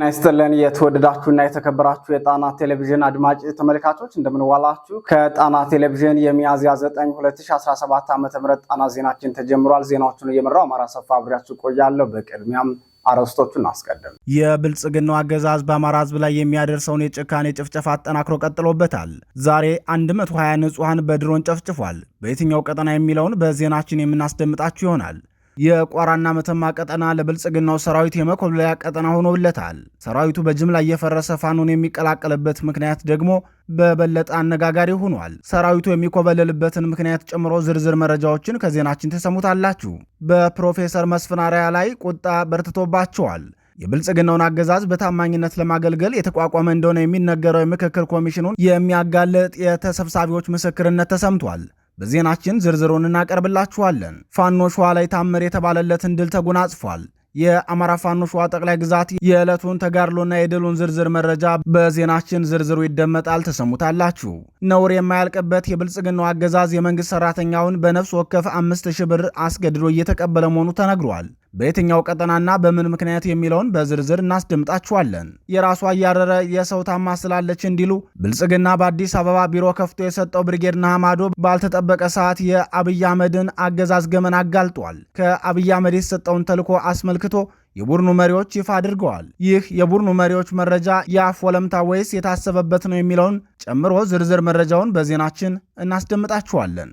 ጤና ይስጥልን የተወደዳችሁና የተከበራችሁ የጣና ቴሌቪዥን አድማጭ ተመልካቾች እንደምንዋላችሁ። ከጣና ቴሌቪዥን የሚያዝያ 9 2017 ዓ ም ጣና ዜናችን ተጀምሯል። ዜናዎቹን እየመራው አማራ ሰፋ አብሬያችሁ ቆያለሁ። በቅድሚያም አርዕስቶቹን አስቀድም። የብልጽግናው አገዛዝ በአማራ ህዝብ ላይ የሚያደርሰውን የጭካኔ ጭፍጨፋ አጠናክሮ ቀጥሎበታል። ዛሬ 120 ንጹሐን በድሮን ጨፍጭፏል። በየትኛው ቀጠና የሚለውን በዜናችን የምናስደምጣችሁ ይሆናል። የቋራና መተማ ቀጠና ለብልጽግናው ሰራዊት የመኮብለያ ቀጠና ሆኖለታል። ሰራዊቱ በጅምላ እየፈረሰ ፋኖን የሚቀላቀልበት ምክንያት ደግሞ በበለጠ አነጋጋሪ ሆኗል። ሰራዊቱ የሚኮበለልበትን ምክንያት ጨምሮ ዝርዝር መረጃዎችን ከዜናችን ተሰሙታላችሁ። በፕሮፌሰር መስፍናሪያ ላይ ቁጣ በርትቶባቸዋል። የብልጽግናውን አገዛዝ በታማኝነት ለማገልገል የተቋቋመ እንደሆነ የሚነገረው የምክክር ኮሚሽኑን የሚያጋልጥ የተሰብሳቢዎች ምስክርነት ተሰምቷል። በዜናችን ዝርዝሩን እናቀርብላችኋለን። ፋኖ ሸዋ ላይ ታምር የተባለለትን ድል ተጎናጽፏል። የአማራ ፋኖ ሸዋ ጠቅላይ ግዛት የዕለቱን ተጋድሎና የድሉን ዝርዝር መረጃ በዜናችን ዝርዝሩ ይደመጣል፣ ተሰሙታላችሁ። ነውር የማያልቅበት የብልጽግናው አገዛዝ የመንግሥት ሠራተኛውን በነፍስ ወከፍ አምስት ሺህ ብር አስገድዶ እየተቀበለ መሆኑ ተነግሯል። በየትኛው ቀጠናና በምን ምክንያት የሚለውን በዝርዝር እናስደምጣችኋለን። የራሷ እያረረ የሰው ታማ ስላለች እንዲሉ ብልጽግና በአዲስ አበባ ቢሮ ከፍቶ የሰጠው ብርጌድ ናሃማዶ ባልተጠበቀ ሰዓት የአብይ አህመድን አገዛዝ ገመን አጋልጧል። ከአብይ አህመድ የተሰጠውን ተልዕኮ አስመልክ አስመልክቶ የቡድኑ መሪዎች ይፋ አድርገዋል። ይህ የቡድኑ መሪዎች መረጃ የአፍ ወለምታ ወይስ የታሰበበት ነው የሚለውን ጨምሮ ዝርዝር መረጃውን በዜናችን እናስደምጣችኋለን።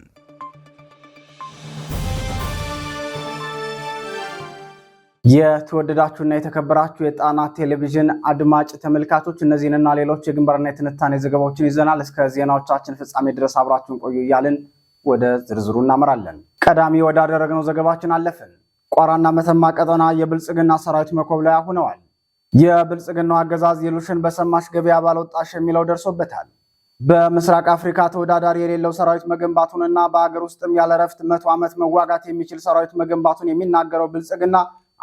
የተወደዳችሁና የተከበራችሁ የጣና ቴሌቪዥን አድማጭ ተመልካቾች እነዚህንና ሌሎች የግንባርና የትንታኔ ዘገባዎችን ይዘናል። እስከ ዜናዎቻችን ፍጻሜ ድረስ አብራችሁን ቆዩ እያልን ወደ ዝርዝሩ እናመራለን። ቀዳሚ ወዳደረግነው ዘገባችን አለፍን። ቋራና መተማ ቀጠና የብልጽግና ሰራዊት መኮብለያ ሆነዋል። የብልጽግናው አገዛዝ የሉሽን በሰማሽ ገበያ ባልወጣሽ የሚለው ደርሶበታል። በምስራቅ አፍሪካ ተወዳዳሪ የሌለው ሰራዊት መገንባቱንና በአገር ውስጥም ያለ ረፍት መቶ ዓመት መዋጋት የሚችል ሰራዊት መገንባቱን የሚናገረው ብልጽግና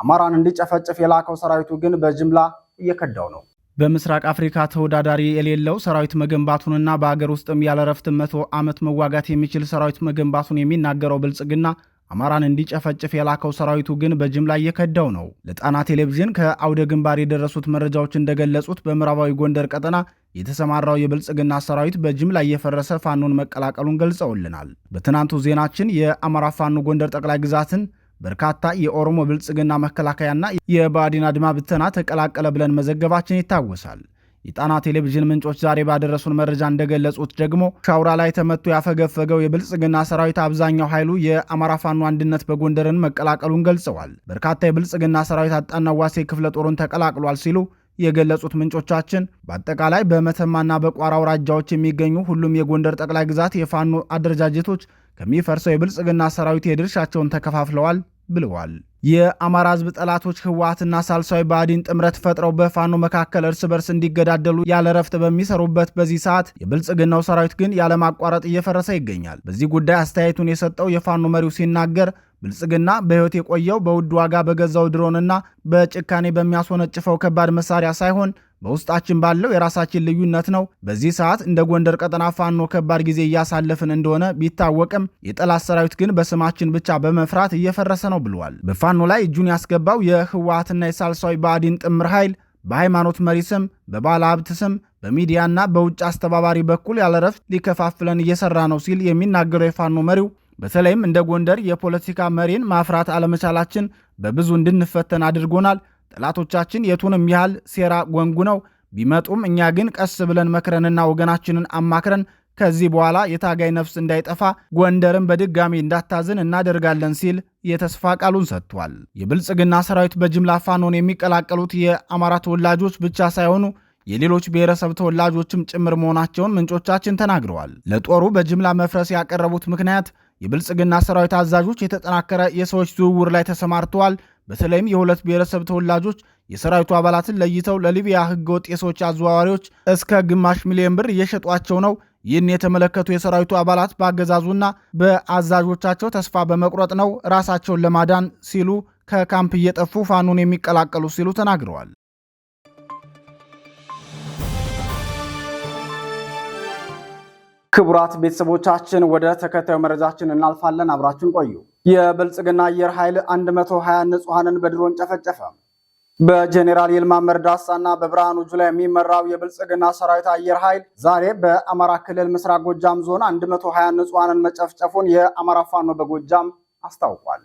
አማራን እንዲጨፈጭፍ የላከው ሰራዊቱ ግን በጅምላ እየከዳው ነው። በምስራቅ አፍሪካ ተወዳዳሪ የሌለው ሰራዊት መገንባቱንና በአገር ውስጥም ያለ ረፍት መቶ ዓመት መዋጋት የሚችል ሰራዊት መገንባቱን የሚናገረው ብልጽግና አማራን እንዲጨፈጭፍ የላከው ሰራዊቱ ግን በጅምላ እየከዳው ነው። ለጣና ቴሌቪዥን ከአውደ ግንባር የደረሱት መረጃዎች እንደገለጹት በምዕራባዊ ጎንደር ቀጠና የተሰማራው የብልጽግና ሰራዊት በጅምላ እየፈረሰ ፋኖን መቀላቀሉን ገልጸውልናል። በትናንቱ ዜናችን የአማራ ፋኖ ጎንደር ጠቅላይ ግዛትን በርካታ የኦሮሞ ብልጽግና መከላከያና የባዲን አድማ ብተና ተቀላቀለ ብለን መዘገባችን ይታወሳል። የጣና ቴሌቪዥን ምንጮች ዛሬ ባደረሱን መረጃ እንደገለጹት ደግሞ ሻውራ ላይ ተመቶ ያፈገፈገው የብልጽግና ሰራዊት አብዛኛው ኃይሉ የአማራ ፋኖ አንድነት በጎንደርን መቀላቀሉን ገልጸዋል። በርካታ የብልጽግና ሰራዊት አጣና ዋሴ ክፍለ ጦሩን ተቀላቅሏል ሲሉ የገለጹት ምንጮቻችን በአጠቃላይ በመተማና በቋራ አውራጃዎች የሚገኙ ሁሉም የጎንደር ጠቅላይ ግዛት የፋኖ አደረጃጀቶች ከሚፈርሰው የብልጽግና ሰራዊት የድርሻቸውን ተከፋፍለዋል ብለዋል። የአማራ ህዝብ ጠላቶች ህወሓትና ሳልሳዊ ብአዴን ጥምረት ፈጥረው በፋኖ መካከል እርስ በርስ እንዲገዳደሉ ያለ ረፍት በሚሰሩበት በዚህ ሰዓት የብልጽግናው ሰራዊት ግን ያለማቋረጥ እየፈረሰ ይገኛል። በዚህ ጉዳይ አስተያየቱን የሰጠው የፋኖ መሪው ሲናገር ብልጽግና በህይወት የቆየው በውድ ዋጋ በገዛው ድሮንና በጭካኔ በሚያስወነጭፈው ከባድ መሳሪያ ሳይሆን በውስጣችን ባለው የራሳችን ልዩነት ነው። በዚህ ሰዓት እንደ ጎንደር ቀጠና ፋኖ ከባድ ጊዜ እያሳለፍን እንደሆነ ቢታወቅም የጠላት ሰራዊት ግን በስማችን ብቻ በመፍራት እየፈረሰ ነው ብለዋል። በፋኖ ላይ እጁን ያስገባው የህወሓትና የሳልሳዊ ብአዴን ጥምር ኃይል በሃይማኖት መሪ ስም፣ በባለ ሀብት ስም፣ በሚዲያና በውጭ አስተባባሪ በኩል ያለረፍት ሊከፋፍለን እየሰራ ነው ሲል የሚናገረው የፋኖ መሪው በተለይም እንደ ጎንደር የፖለቲካ መሪን ማፍራት አለመቻላችን በብዙ እንድንፈተን አድርጎናል ጠላቶቻችን የቱንም ያህል ሴራ ጎንጉነው ቢመጡም እኛ ግን ቀስ ብለን መክረንና ወገናችንን አማክረን ከዚህ በኋላ የታጋይ ነፍስ እንዳይጠፋ ጎንደርን በድጋሚ እንዳታዝን እናደርጋለን ሲል የተስፋ ቃሉን ሰጥቷል። የብልጽግና ሰራዊት በጅምላ ፋኖን የሚቀላቀሉት የአማራ ተወላጆች ብቻ ሳይሆኑ የሌሎች ብሔረሰብ ተወላጆችም ጭምር መሆናቸውን ምንጮቻችን ተናግረዋል። ለጦሩ በጅምላ መፍረስ ያቀረቡት ምክንያት የብልጽግና ሰራዊት አዛዦች የተጠናከረ የሰዎች ዝውውር ላይ ተሰማርተዋል፣ በተለይም የሁለት ብሔረሰብ ተወላጆች የሰራዊቱ አባላትን ለይተው ለሊቢያ ህገወጥ የሰዎች አዘዋዋሪዎች እስከ ግማሽ ሚሊዮን ብር እየሸጧቸው ነው። ይህን የተመለከቱ የሰራዊቱ አባላት በአገዛዙና በአዛዦቻቸው ተስፋ በመቁረጥ ነው ራሳቸውን ለማዳን ሲሉ ከካምፕ እየጠፉ ፋኑን የሚቀላቀሉ ሲሉ ተናግረዋል። ክቡራት ቤተሰቦቻችን ወደ ተከታዩ መረጃችን እናልፋለን። አብራችን ቆዩ። የብልጽግና አየር ኃይል 120 ንጹሐንን በድሮን ጨፈጨፈ። በጄኔራል ይልማ መርዳሳና በብርሃኑ ጁላ የሚመራው የብልጽግና ሰራዊት አየር ኃይል ዛሬ በአማራ ክልል ምስራቅ ጎጃም ዞን 120 ንጹሐንን መጨፍጨፉን የአማራ ፋኖ በጎጃም አስታውቋል።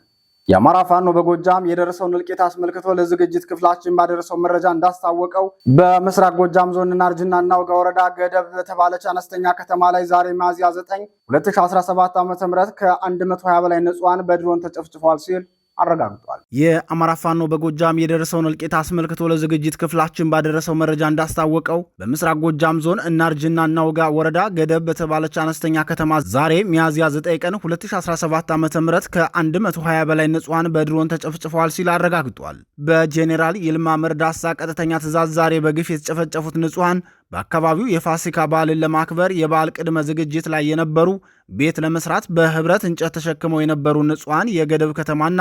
የአማራ ፋኖ በጎጃም የደረሰውን እልቂት አስመልክቶ ለዝግጅት ክፍላችን ባደረሰው መረጃ እንዳስታወቀው በምስራቅ ጎጃም ዞን ናርጅና እናውጋ ወረዳ ገደብ በተባለች አነስተኛ ከተማ ላይ ዛሬ ሚያዝያ 9 2017 ዓ ም ከ120 በላይ ንጹሐን በድሮን ተጨፍጭፏል ሲል አረጋግጧል። የአማራ ፋኖ በጎጃም የደረሰውን እልቂት አስመልክቶ ለዝግጅት ክፍላችን ባደረሰው መረጃ እንዳስታወቀው በምስራቅ ጎጃም ዞን እናርጅና እናውጋ ወረዳ ገደብ በተባለች አነስተኛ ከተማ ዛሬ ሚያዝያ 9 ቀን 2017 ዓ ም ከ120 በላይ ንጹሐን በድሮን ተጨፍጭፈዋል ሲል አረጋግጧል። በጄኔራል ይልማ መርዳሳ ቀጥተኛ ትእዛዝ ዛሬ በግፍ የተጨፈጨፉት ንጹሐን በአካባቢው የፋሲካ በዓልን ለማክበር የበዓል ቅድመ ዝግጅት ላይ የነበሩ ቤት ለመስራት በህብረት እንጨት ተሸክመው የነበሩ ንጹሐን የገደብ ከተማና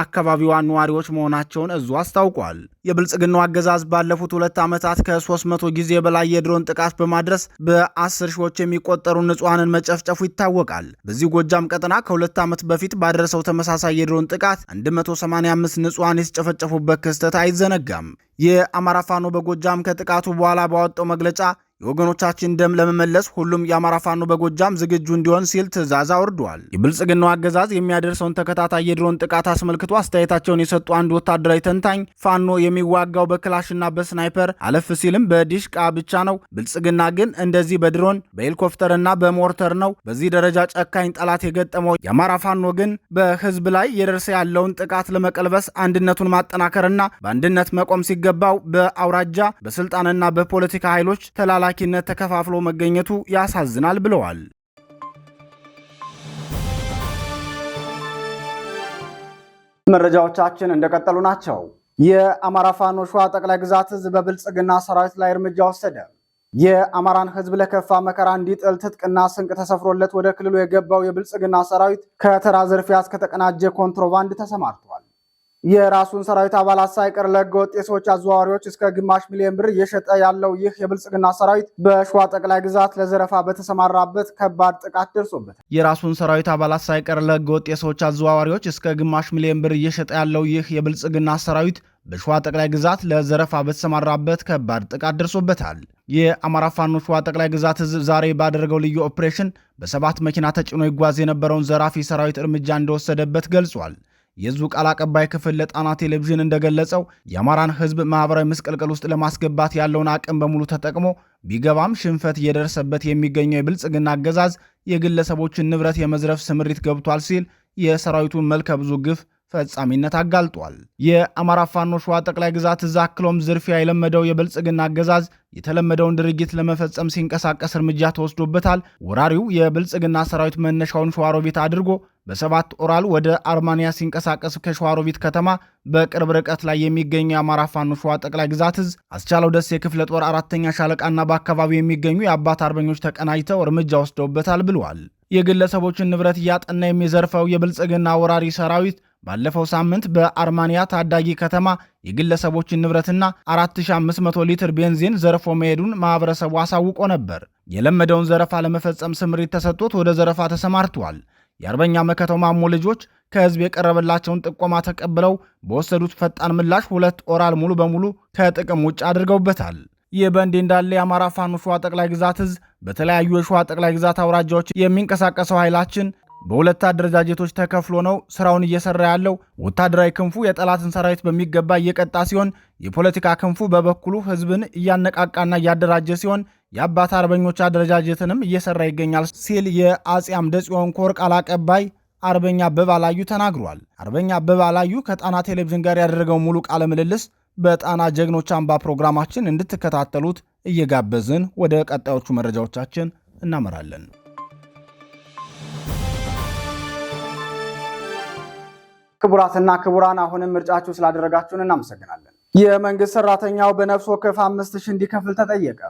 አካባቢዋ ነዋሪዎች መሆናቸውን እዙ አስታውቋል። የብልጽግናው አገዛዝ ባለፉት ሁለት ዓመታት ከ300 ጊዜ በላይ የድሮን ጥቃት በማድረስ በአስር ሺዎች የሚቆጠሩ ንጹሐንን መጨፍጨፉ ይታወቃል። በዚህ ጎጃም ቀጠና ከሁለት ዓመት በፊት ባደረሰው ተመሳሳይ የድሮን ጥቃት 185 ንጹሐን የተጨፈጨፉበት ክስተት አይዘነጋም። የአማራ ፋኖ በጎጃም ከጥቃቱ በኋላ ባወጣው መግለጫ የወገኖቻችን ደም ለመመለስ ሁሉም የአማራ ፋኖ በጎጃም ዝግጁ እንዲሆን ሲል ትዕዛዝ አውርዷል። የብልጽግናው አገዛዝ የሚያደርሰውን ተከታታይ የድሮን ጥቃት አስመልክቶ አስተያየታቸውን የሰጡ አንድ ወታደራዊ ተንታኝ ፋኖ የሚዋጋው በክላሽና በስናይፐር አለፍ ሲልም በዲሽቃ ብቻ ነው። ብልጽግና ግን እንደዚህ በድሮን በሄሊኮፕተርና በሞርተር ነው። በዚህ ደረጃ ጨካኝ ጠላት የገጠመው የአማራ ፋኖ ግን በህዝብ ላይ የደርሰ ያለውን ጥቃት ለመቀልበስ አንድነቱን ማጠናከርና በአንድነት መቆም ሲገባው በአውራጃ በስልጣንና በፖለቲካ ኃይሎች ተላላ በላኪነት ተከፋፍሎ መገኘቱ ያሳዝናል ብለዋል። መረጃዎቻችን እንደቀጠሉ ናቸው። የአማራ ፋኖ ሸዋ ጠቅላይ ግዛት ህዝብ በብልጽግና ሰራዊት ላይ እርምጃ ወሰደ። የአማራን ህዝብ ለከፋ መከራ እንዲጥል ትጥቅና ስንቅ ተሰፍሮለት ወደ ክልሉ የገባው የብልጽግና ሰራዊት ከተራ ዝርፊያ እስከ ተቀናጀ ኮንትሮባንድ ተሰማርቷል። የራሱን ሰራዊት አባላት ሳይቀር ለህገወጥ የሰዎች አዘዋዋሪዎች እስከ ግማሽ ሚሊዮን ብር እየሸጠ ያለው ይህ የብልጽግና ሰራዊት በሸዋ ጠቅላይ ግዛት ለዘረፋ በተሰማራበት ከባድ ጥቃት ደርሶበታል። የራሱን ሰራዊት አባላት ሳይቀር ለህገወጥ የሰዎች አዘዋዋሪዎች እስከ ግማሽ ሚሊዮን ብር እየሸጠ ያለው ይህ የብልጽግና ሰራዊት በሸዋ ጠቅላይ ግዛት ለዘረፋ በተሰማራበት ከባድ ጥቃት ደርሶበታል። የአማራ ፋኖ ሸዋ ጠቅላይ ግዛት ህዝብ ዛሬ ባደረገው ልዩ ኦፕሬሽን በሰባት መኪና ተጭኖ ይጓዝ የነበረውን ዘራፊ ሰራዊት እርምጃ እንደወሰደበት ገልጿል። የዙ ቃል አቀባይ ክፍል ለጣና ቴሌቪዥን እንደገለጸው የአማራን ህዝብ ማኅበራዊ ምስቅልቅል ውስጥ ለማስገባት ያለውን አቅም በሙሉ ተጠቅሞ ቢገባም ሽንፈት እየደረሰበት የሚገኘው የብልጽግና አገዛዝ የግለሰቦችን ንብረት የመዝረፍ ስምሪት ገብቷል ሲል የሰራዊቱን መልከ ብዙ ግፍ ፈጻሚነት አጋልጧል። የአማራ ፋኖ ሸዋ ጠቅላይ ግዛት እዝ አክሎም ዝርፊያ የለመደው የብልጽግና አገዛዝ የተለመደውን ድርጊት ለመፈጸም ሲንቀሳቀስ እርምጃ ተወስዶበታል። ወራሪው የብልጽግና ሰራዊት መነሻውን ሸዋሮቢት አድርጎ በሰባት ኦራል ወደ አርማንያ ሲንቀሳቀስ ከሸዋሮቢት ከተማ በቅርብ ርቀት ላይ የሚገኘው የአማራ ፋኖ ሸዋ ጠቅላይ ግዛት እዝ አስቻለው ደሴ ክፍለ ጦር አራተኛ ሻለቃና በአካባቢው የሚገኙ የአባት አርበኞች ተቀናጅተው እርምጃ ወስደውበታል ብለዋል። የግለሰቦችን ንብረት እያጠና የሚዘርፈው የብልጽግና ወራሪ ሰራዊት ባለፈው ሳምንት በአርማንያ ታዳጊ ከተማ የግለሰቦችን ንብረትና 4500 ሊትር ቤንዚን ዘርፎ መሄዱን ማኅበረሰቡ አሳውቆ ነበር። የለመደውን ዘረፋ ለመፈጸም ስምሪት ተሰጥቶት ወደ ዘረፋ ተሰማርቷል። የአርበኛ መከተው ማሞ ልጆች ከህዝብ የቀረበላቸውን ጥቆማ ተቀብለው በወሰዱት ፈጣን ምላሽ ሁለት ኦራል ሙሉ በሙሉ ከጥቅም ውጭ አድርገውበታል። ይህ በእንዲህ እንዳለ የአማራ ፋኖ ሸዋ ጠቅላይ ግዛት እዝ በተለያዩ የሸዋ ጠቅላይ ግዛት አውራጃዎች የሚንቀሳቀሰው ኃይላችን በሁለት አደረጃጀቶች ተከፍሎ ነው ስራውን እየሰራ ያለው። ወታደራዊ ክንፉ የጠላትን ሰራዊት በሚገባ እየቀጣ ሲሆን፣ የፖለቲካ ክንፉ በበኩሉ ህዝብን እያነቃቃና እያደራጀ ሲሆን የአባት አርበኞች አደረጃጀትንም እየሰራ ይገኛል ሲል የአጼ አምደ ጽዮን ኮር ቃል አቀባይ አርበኛ አበባ ላዩ ተናግሯል። አርበኛ አበባ ላዩ ከጣና ቴሌቪዥን ጋር ያደረገው ሙሉ ቃለ ምልልስ በጣና ጀግኖች አምባ ፕሮግራማችን እንድትከታተሉት እየጋበዝን ወደ ቀጣዮቹ መረጃዎቻችን እናመራለን። ክቡራትና ክቡራን አሁንም ምርጫችሁ ስላደረጋችሁን እናመሰግናለን። የመንግስት ሰራተኛው በነፍስ ወከፍ አምስት ሺህ እንዲከፍል ተጠየቀ።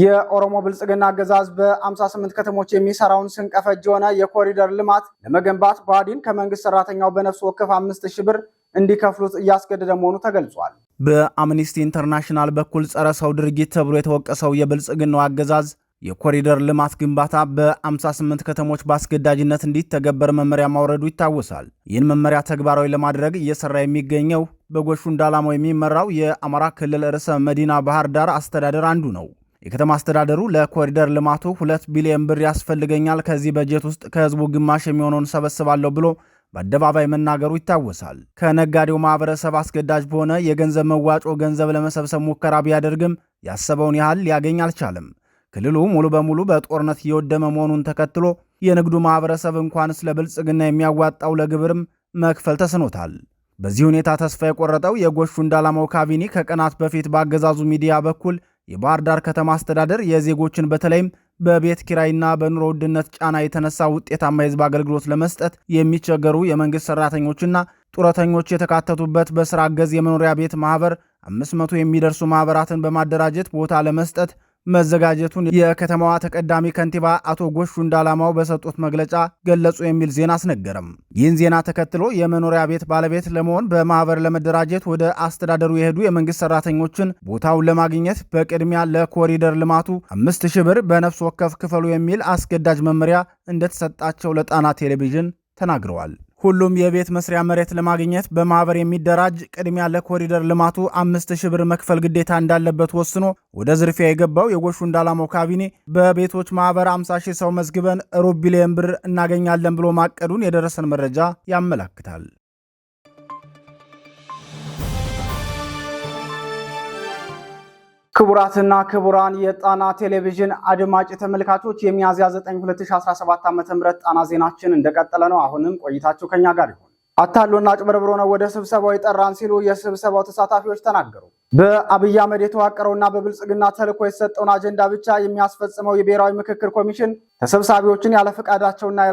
የኦሮሞ ብልጽግና አገዛዝ በ58 ከተሞች የሚሰራውን ስንቀፈጅ የሆነ የኮሪደር ልማት ለመገንባት ብአዴን ከመንግስት ሰራተኛው በነፍስ ወከፍ አምስት ሺህ ብር እንዲከፍሉት እያስገደደ መሆኑ ተገልጿል። በአምኒስቲ ኢንተርናሽናል በኩል ጸረ ሰው ድርጊት ተብሎ የተወቀሰው የብልጽግናው አገዛዝ የኮሪደር ልማት ግንባታ በ58 ከተሞች በአስገዳጅነት እንዲተገበር መመሪያ ማውረዱ ይታወሳል። ይህን መመሪያ ተግባራዊ ለማድረግ እየሰራ የሚገኘው በጎሹ እንዳላማው የሚመራው የአማራ ክልል ርዕሰ መዲና ባህር ዳር አስተዳደር አንዱ ነው። የከተማ አስተዳደሩ ለኮሪደር ልማቱ ሁለት ቢሊዮን ብር ያስፈልገኛል፣ ከዚህ በጀት ውስጥ ከህዝቡ ግማሽ የሚሆነውን ሰበስባለሁ ብሎ በአደባባይ መናገሩ ይታወሳል። ከነጋዴው ማህበረሰብ አስገዳጅ በሆነ የገንዘብ መዋጮ ገንዘብ ለመሰብሰብ ሙከራ ቢያደርግም ያሰበውን ያህል ሊያገኝ አልቻለም። ክልሉ ሙሉ በሙሉ በጦርነት እየወደመ መሆኑን ተከትሎ የንግዱ ማኅበረሰብ እንኳን ስለ ብልጽግና የሚያዋጣው ለግብርም መክፈል ተስኖታል። በዚህ ሁኔታ ተስፋ የቆረጠው የጎሹ እንዳላማው ካቢኔ ከቀናት በፊት በአገዛዙ ሚዲያ በኩል የባህር ዳር ከተማ አስተዳደር የዜጎችን በተለይም በቤት ኪራይና በኑሮ ውድነት ጫና የተነሳ ውጤታማ የህዝብ አገልግሎት ለመስጠት የሚቸገሩ የመንግሥት ሠራተኞችና ጡረተኞች የተካተቱበት በሥራ አገዝ የመኖሪያ ቤት ማኅበር 500 የሚደርሱ ማኅበራትን በማደራጀት ቦታ ለመስጠት መዘጋጀቱን የከተማዋ ተቀዳሚ ከንቲባ አቶ ጎሹ እንዳላማው በሰጡት መግለጫ ገለጹ የሚል ዜና አስነገረም። ይህን ዜና ተከትሎ የመኖሪያ ቤት ባለቤት ለመሆን በማህበር ለመደራጀት ወደ አስተዳደሩ የሄዱ የመንግስት ሰራተኞችን ቦታውን ለማግኘት በቅድሚያ ለኮሪደር ልማቱ አምስት ሺህ ብር በነፍስ ወከፍ ክፈሉ የሚል አስገዳጅ መመሪያ እንደተሰጣቸው ለጣና ቴሌቪዥን ተናግረዋል። ሁሉም የቤት መስሪያ መሬት ለማግኘት በማህበር የሚደራጅ ቅድሚያ ለኮሪደር ልማቱ አምስት ሺህ ብር መክፈል ግዴታ እንዳለበት ወስኖ ወደ ዝርፊያ የገባው የጎሹ እንዳላማው ካቢኔ በቤቶች ማህበር 50 ሺህ ሰው መዝግበን ሩብ ቢሊየን ብር እናገኛለን ብሎ ማቀዱን የደረሰን መረጃ ያመላክታል። ክቡራትና ክቡራን የጣና ቴሌቪዥን አድማጭ ተመልካቾች የሚያዝያ 9 2017 ዓ.ም ጣና ዜናችን እንደቀጠለ ነው። አሁንም ቆይታችሁ ከኛ ጋር ይሁን። አታሎና ጭበርብሮ ነው ወደ ስብሰባው የጠራን ሲሉ የስብሰባው ተሳታፊዎች ተናገሩ። በአብይ አህመድ የተዋቀረውና በብልጽግና ተልኮ የተሰጠውን አጀንዳ ብቻ የሚያስፈጽመው የብሔራዊ ምክክር ኮሚሽን ተሰብሳቢዎችን ያለ ፈቃዳቸውና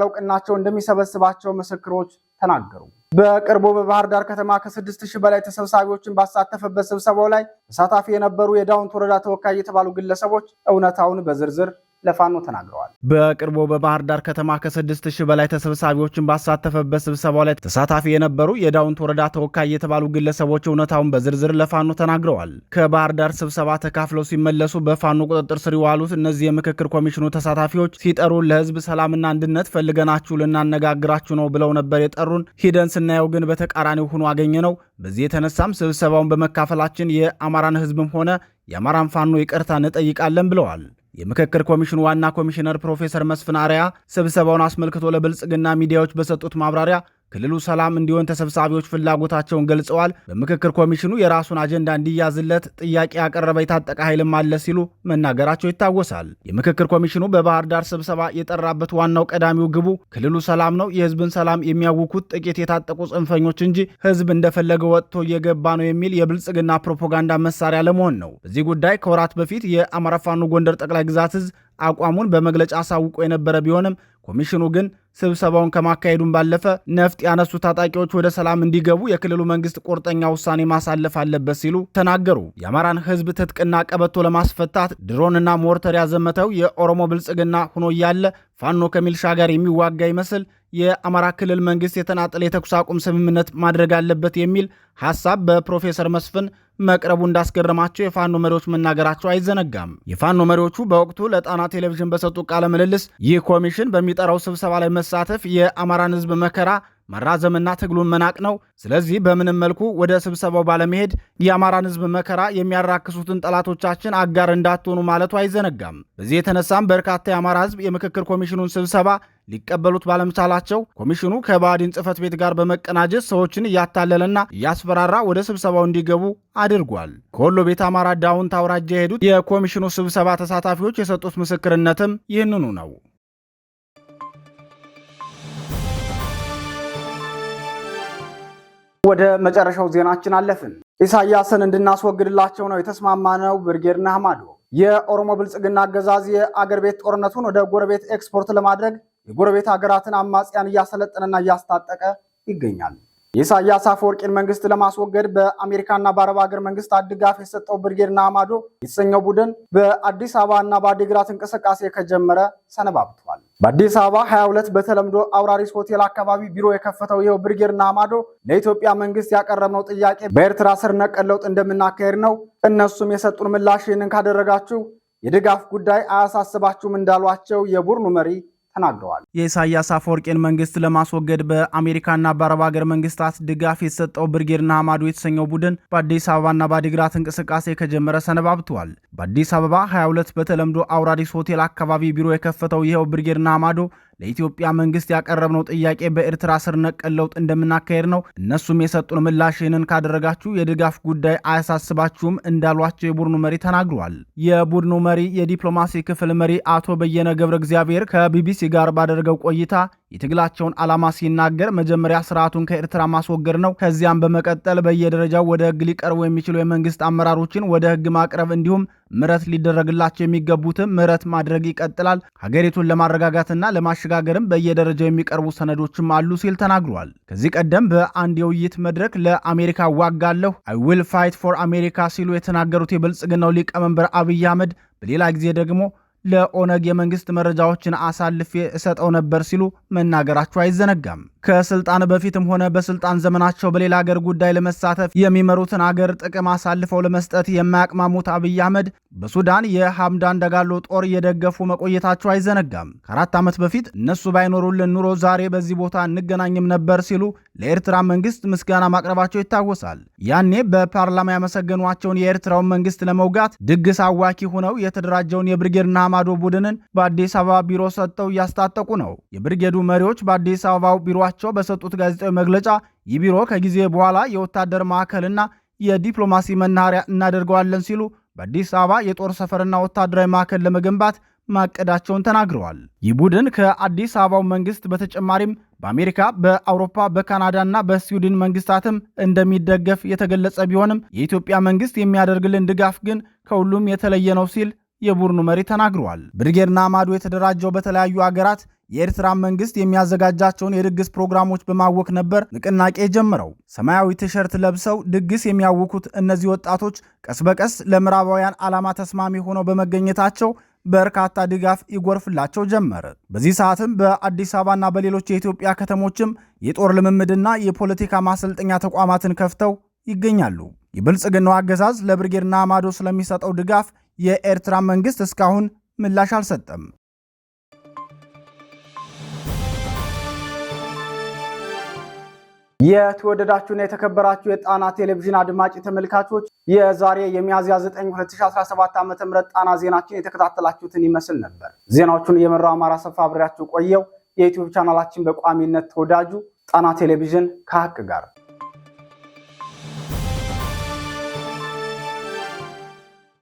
እንደሚሰበስባቸው ምስክሮች ተናገሩ። በቅርቡ በባህር ዳር ከተማ ከስድስት ሺህ በላይ ተሰብሳቢዎችን ባሳተፈበት ስብሰባው ላይ ተሳታፊ የነበሩ የዳውንት ወረዳ ተወካይ የተባሉ ግለሰቦች እውነታውን በዝርዝር ለፋኖ ተናግረዋል። በቅርቡ በባህር ዳር ከተማ ከስድስት ሺህ በላይ ተሰብሳቢዎችን ባሳተፈበት ስብሰባው ላይ ተሳታፊ የነበሩ የዳውንት ወረዳ ተወካይ የተባሉ ግለሰቦች እውነታውን በዝርዝር ለፋኖ ተናግረዋል። ከባህር ዳር ስብሰባ ተካፍለው ሲመለሱ በፋኖ ቁጥጥር ስር የዋሉት እነዚህ የምክክር ኮሚሽኑ ተሳታፊዎች ሲጠሩ ለህዝብ ሰላምና አንድነት ፈልገናችሁ ልናነጋግራችሁ ነው ብለው ነበር የጠሩን። ሂደን ስናየው ግን በተቃራኒው ሆኖ አገኘ ነው። በዚህ የተነሳም ስብሰባውን በመካፈላችን የአማራን ህዝብም ሆነ የአማራን ፋኖ ይቅርታ እንጠይቃለን ብለዋል። የምክክር ኮሚሽኑ ዋና ኮሚሽነር ፕሮፌሰር መስፍን አርያ ስብሰባውን አስመልክቶ ለብልጽግና ሚዲያዎች በሰጡት ማብራሪያ ክልሉ ሰላም እንዲሆን ተሰብሳቢዎች ፍላጎታቸውን ገልጸዋል። በምክክር ኮሚሽኑ የራሱን አጀንዳ እንዲያዝለት ጥያቄ ያቀረበ የታጠቀ ኃይልም አለ ሲሉ መናገራቸው ይታወሳል። የምክክር ኮሚሽኑ በባህር ዳር ስብሰባ የጠራበት ዋናው ቀዳሚው ግቡ ክልሉ ሰላም ነው። የህዝብን ሰላም የሚያውኩት ጥቂት የታጠቁ ጽንፈኞች እንጂ ህዝብ እንደፈለገ ወጥቶ እየገባ ነው የሚል የብልጽግና ፕሮፓጋንዳ መሳሪያ ለመሆን ነው። በዚህ ጉዳይ ከወራት በፊት የአማራ ፋኖ ጎንደር ጠቅላይ ግዛት እዝ አቋሙን በመግለጫ አሳውቆ የነበረ ቢሆንም ኮሚሽኑ ግን ስብሰባውን ከማካሄዱን ባለፈ ነፍጥ ያነሱ ታጣቂዎች ወደ ሰላም እንዲገቡ የክልሉ መንግስት ቁርጠኛ ውሳኔ ማሳለፍ አለበት ሲሉ ተናገሩ። የአማራን ህዝብ ትጥቅና ቀበቶ ለማስፈታት ድሮንና ሞርተር ያዘመተው የኦሮሞ ብልጽግና ሆኖ እያለ ፋኖ ከሚልሻ ጋር የሚዋጋ ይመስል የአማራ ክልል መንግስት የተናጠለ የተኩስ አቁም ስምምነት ማድረግ አለበት የሚል ሀሳብ በፕሮፌሰር መስፍን መቅረቡ እንዳስገረማቸው የፋኖ መሪዎች መናገራቸው አይዘነጋም። የፋኖ መሪዎቹ በወቅቱ ለጣና ቴሌቪዥን በሰጡ ቃለ ምልልስ ይህ ኮሚሽን በሚጠራው ስብሰባ ላይ መሳተፍ የአማራን ሕዝብ መከራ መራዘምና ትግሉን መናቅ ነው። ስለዚህ በምንም መልኩ ወደ ስብሰባው ባለመሄድ የአማራን ህዝብ መከራ የሚያራክሱትን ጠላቶቻችን አጋር እንዳትሆኑ ማለቱ አይዘነጋም። በዚህ የተነሳም በርካታ የአማራ ህዝብ የምክክር ኮሚሽኑን ስብሰባ ሊቀበሉት ባለመቻላቸው ኮሚሽኑ ከባዕድን ጽህፈት ቤት ጋር በመቀናጀት ሰዎችን እያታለለና እያስፈራራ ወደ ስብሰባው እንዲገቡ አድርጓል። ከወሎ ቤት አማራ ዳውንት አውራጃ የሄዱት የኮሚሽኑ ስብሰባ ተሳታፊዎች የሰጡት ምስክርነትም ይህንኑ ነው። ወደ መጨረሻው ዜናችን አለፍን። ኢሳያስን እንድናስወግድላቸው ነው የተስማማነው ብርጌርና አማዶ የኦሮሞ ብልጽግና አገዛዝ የአገር ቤት ጦርነቱን ወደ ጎረቤት ኤክስፖርት ለማድረግ የጎረቤት ሀገራትን አማጽያን እያሰለጠነና እያስታጠቀ ይገኛል። የኢሳያስ አፈወርቂን መንግስት ለማስወገድ በአሜሪካና በአረብ ሀገር መንግስታት ድጋፍ የሰጠው ብርጌድ አማዶ የተሰኘው ቡድን በአዲስ አበባና በአዲግራት እንቅስቃሴ ከጀመረ ሰነባብቷል። በአዲስ አበባ 22 በተለምዶ አውራሪስ ሆቴል አካባቢ ቢሮ የከፈተው ይኸው ብርጌድ አማዶ ለኢትዮጵያ መንግስት ያቀረብነው ጥያቄ በኤርትራ ስር ነቀል ለውጥ እንደምናካሄድ ነው፣ እነሱም የሰጡን ምላሽ ይህንን ካደረጋችሁ የድጋፍ ጉዳይ አያሳስባችሁም እንዳሏቸው የቡድኑ መሪ ተናግረዋል። የኢሳያስ አፈወርቄን መንግስት ለማስወገድ በአሜሪካና በአረብ ሀገር መንግስታት ድጋፍ የተሰጠው ብርጌድና ሀማዶ የተሰኘው ቡድን በአዲስ አበባና በአዲግራት እንቅስቃሴ ከጀመረ ሰነባብተዋል። በአዲስ አበባ 22 በተለምዶ አውራዲስ ሆቴል አካባቢ ቢሮ የከፈተው ይኸው ብርጌድና ሀማዶ ለኢትዮጵያ መንግስት ያቀረብነው ጥያቄ በኤርትራ ስር ነቀል ለውጥ እንደምናካሄድ ነው። እነሱም የሰጡን ምላሽ ይህንን ካደረጋችሁ የድጋፍ ጉዳይ አያሳስባችሁም እንዳሏቸው የቡድኑ መሪ ተናግሯል። የቡድኑ መሪ የዲፕሎማሲ ክፍል መሪ አቶ በየነ ገብረ እግዚአብሔር ከቢቢሲ ጋር ባደረገው ቆይታ የትግላቸውን ዓላማ ሲናገር መጀመሪያ ስርዓቱን ከኤርትራ ማስወገድ ነው። ከዚያም በመቀጠል በየደረጃው ወደ ህግ ሊቀርቡ የሚችሉ የመንግስት አመራሮችን ወደ ህግ ማቅረብ እንዲሁም ምረት ሊደረግላቸው የሚገቡትም ምረት ማድረግ ይቀጥላል። ሀገሪቱን ለማረጋጋትና ለማሸጋገርም በየደረጃው የሚቀርቡ ሰነዶችም አሉ ሲል ተናግሯል። ከዚህ ቀደም በአንድ የውይይት መድረክ ለአሜሪካ ዋጋለሁ አይ ዊል ፋይት ፎር አሜሪካ ሲሉ የተናገሩት የብልጽግናው ሊቀመንበር አብይ አህመድ በሌላ ጊዜ ደግሞ ለኦነግ የመንግስት መረጃዎችን አሳልፌ እሰጠው ነበር ሲሉ መናገራቸው አይዘነጋም። ከስልጣን በፊትም ሆነ በስልጣን ዘመናቸው በሌላ አገር ጉዳይ ለመሳተፍ የሚመሩትን አገር ጥቅም አሳልፈው ለመስጠት የማያቅማሙት አብይ አህመድ በሱዳን የሐምዳን ደጋሎ ጦር እየደገፉ መቆየታቸው አይዘነጋም። ከአራት ዓመት በፊት እነሱ ባይኖሩልን ኑሮ ዛሬ በዚህ ቦታ እንገናኝም ነበር ሲሉ ለኤርትራ መንግስት ምስጋና ማቅረባቸው ይታወሳል። ያኔ በፓርላማ ያመሰገኗቸውን የኤርትራውን መንግስት ለመውጋት ድግስ አዋኪ ሆነው የተደራጀውን የብርጌርና የአማዶ ቡድንን በአዲስ አበባ ቢሮ ሰጥተው እያስታጠቁ ነው። የብርጌዱ መሪዎች በአዲስ አበባው ቢሮቸው በሰጡት ጋዜጣዊ መግለጫ ይህ ቢሮ ከጊዜ በኋላ የወታደር ማዕከልና የዲፕሎማሲ መናኸሪያ እናደርገዋለን ሲሉ በአዲስ አበባ የጦር ሰፈርና ወታደራዊ ማዕከል ለመገንባት ማቀዳቸውን ተናግረዋል። ይህ ቡድን ከአዲስ አበባው መንግስት በተጨማሪም በአሜሪካ፣ በአውሮፓ፣ በካናዳና በስዊድን መንግስታትም እንደሚደገፍ የተገለጸ ቢሆንም የኢትዮጵያ መንግስት የሚያደርግልን ድጋፍ ግን ከሁሉም የተለየ ነው ሲል የቡድኑ መሪ ተናግረዋል። ብርጌርና ማዶ የተደራጀው በተለያዩ አገራት የኤርትራ መንግስት የሚያዘጋጃቸውን የድግስ ፕሮግራሞች በማወክ ነበር ንቅናቄ ጀምረው ሰማያዊ ቲሸርት ለብሰው ድግስ የሚያውኩት እነዚህ ወጣቶች ቀስ በቀስ ለምዕራባውያን ዓላማ ተስማሚ ሆነው በመገኘታቸው በርካታ ድጋፍ ይጎርፍላቸው ጀመረ። በዚህ ሰዓትም በአዲስ አበባና በሌሎች የኢትዮጵያ ከተሞችም የጦር ልምምድና የፖለቲካ ማሰልጠኛ ተቋማትን ከፍተው ይገኛሉ። የብልጽግናው አገዛዝ ለብርጌርና አማዶ ስለሚሰጠው ድጋፍ የኤርትራ መንግስት እስካሁን ምላሽ አልሰጠም። የተወደዳችሁና የተከበራችሁ የጣና ቴሌቪዥን አድማጭ ተመልካቾች የዛሬ የሚያዝያ 9 2017 ዓ.ም ጣና ዜናችን የተከታተላችሁትን ይመስል ነበር። ዜናዎቹን እየመራው አማራ ሰፋ አብሬያችሁ ቆየው። የዩቲዩብ ቻናላችን በቋሚነት ተወዳጁ ጣና ቴሌቪዥን ከሀቅ ጋር